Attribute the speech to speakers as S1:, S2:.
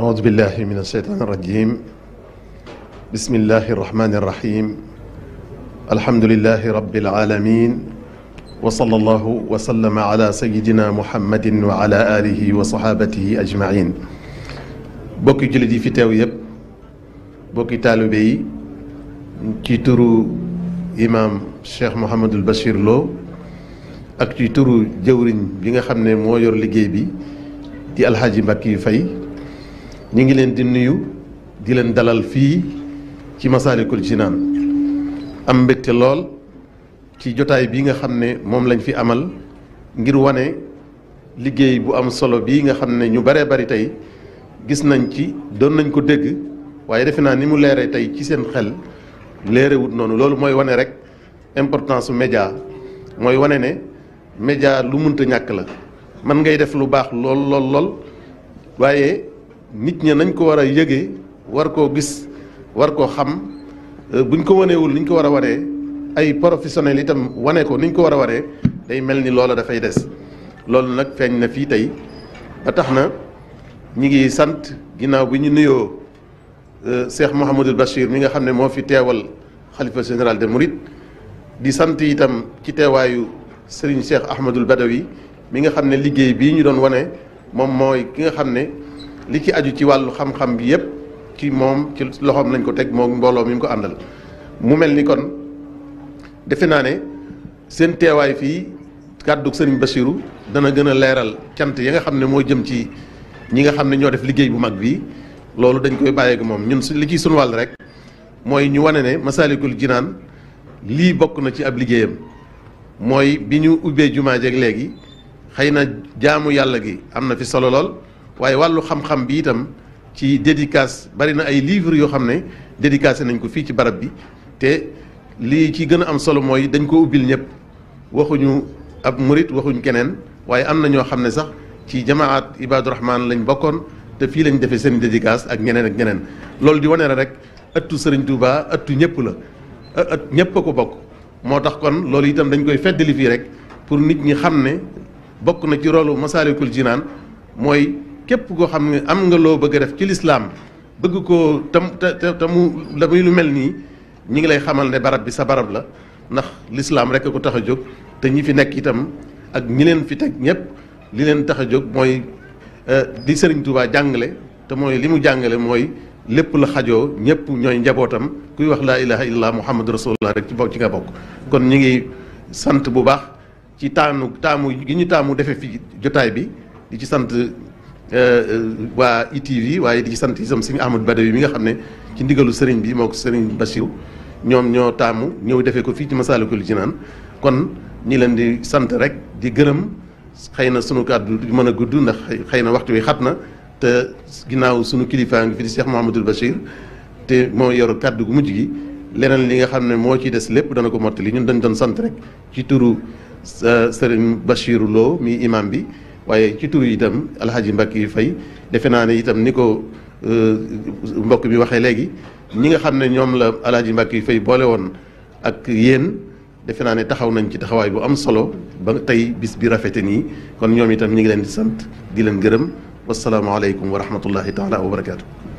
S1: أعوذ بالله من الشيطان الرجيم بسم الله الرحمن الرحيم الحمد لله رب العالمين وصلى الله وسلم على سيدنا محمد وعلى آله وصحابته أجمعين bokki jullit yi fi teew yëpp bokki taalibe yi ci turu imaam Cheikh Mouhamadul Bachir Lo ak ci turu jëwriñ bi nga xam ne moo yor liggéey bi di alxaaji Mbàkke yu fay ñu ngi leen di nuyu di leen dalal fii ci Masaalikul naan am mbégte lool ci jotaay bii nga xam ne moom lañ fi amal ngir wane liggéey bu am solo bii nga xam ne ñu baree bari tey gis nañ ci doon nañ ko dégg waaye defe naa ni mu leere tey ci seen xel leerewut noonu loolu mooy wane rek importance su média mooy wane ne média lu munta ñàkk la man ngay def lu baax lool lool lool nit ña nañ ko war a yëgee war koo gis war koo xam euh, buñ ko waneewul niñ ko war a waree ay professionnels itam wane ko niñ ko war a waree day mel ni loola dafay des loolu nag feeñ na fii tey ba tax na ñi ngi sant ginnaaw bi ñu nuyoo euh, Cheikh Mouhamadul Bachir mi nga xam ne moo fi teewal xalifa général de Mouride di sant itam ci teewaayu Serigne Cheikh Ahmadul Badawi mi nga xam ne liggéey bii ñu doon wane moom mooy ki nga xam ne li ci aju ci wàllu xam-xam bi yépp ci moom ci loxoom lañ ko teg moom mbooloo mi mu ko àndal mu mel ni kon defe naa ne seen teewaay fii kàddu sëriñ Bachirou dana gën a leeral cant yi nga xam ne moo jëm ci ñi nga xam ne ñoo def liggéey bu mag bi loolu dañ koy bàyyeeku moom ñun li ci sunu wàll rek mooy ñu wane ne Masaalikul Jinaan lii bokk na ci ab liggéeyam mooy bi ñu ubbee jumaa jeeg léegi xëy na jaamu yàlla gi am na fi solo lool. waaye wàllu xam-xam bi itam ci dédicace bari na ay livres yoo xam ne dédicacé nañ ko fii ci barab bi te lii ci gën a am solo mooy dañ koo ubbil ñëpp waxuñu ab murit waxuñ keneen waaye am na ñoo xam ne sax ci jamaat Ibadu Rahman lañ bokkoon te fii lañ defee seen dédicace ak ñeneen ak ñeneen loolu di wane ne rek ëttu Serigne Touba ëttu ñëpp la ëtt ñëpp a ko bokk moo tax kon loolu itam dañ koy feddali fii rek pour nit ñi xam ne bokk na ci rolu Masaalikul Jinaan mooy képp koo xam ne am nga loo bëgg a def ci lislaam bëgg koo tam te te lu mel nii ñi ngi lay xamal ne barab bi sa barab la ndax lislaam rek ko tax a jóg te ñi fi nekk itam ak ñi leen fi teg ñëpp li leen tax a jóg mooy di euh, Sëriñ Tuubaa jàngale te mooy li mu jàngale mooy lépp la xajoo ñëpp ñooy njabootam kuy wax laa ilaha illallah muhammadu rasulullah rek ci bokk ci nga bokk kon ñi ngi sant bu baax ci taanu taamu gi ñu taamu defe fi jotaay bi di ci sant Euh, euh, waa ITV waaye di sant itam sëñ Ahmad Badawi mi nga xam ne ci ndigalu sëriñ bi moo ko sëriñ Bachir ñoom ñoo taamu ñëw defee ko fii ci Masaalikul Jinaan kon ñi leen di sant rek di gërëm xëy na sunu kàddu du mën a gudd ndax xëy na waxtu wi xat na te ginnaaw sunu kilifaa ngi fi di Cheikh Mouhamadul Bachir te moo yor kàddu gu mujj gi leneen li nga xam ne moo ci des lépp dana ko mottali ñun dañ doon sant rek ci turu euh, sëriñ Bachir Lo mi imam bi waaye ci tur itam alxaaji mbàkk yu fay defe naa ne itam ni ko euh, mbokk mi waxee léegi ñi nga xam ne ñoom la alxaaji mbàkk yu fay boole woon ak yéen defe naa ne taxaw nañ ci taxawaay bu am solo ba tey bis bi rafete nii kon ñoom itam ñi ngi leen di sant di leen gërëm wasalaamaaleykum wa rahmatullahi taala wa barakaatu.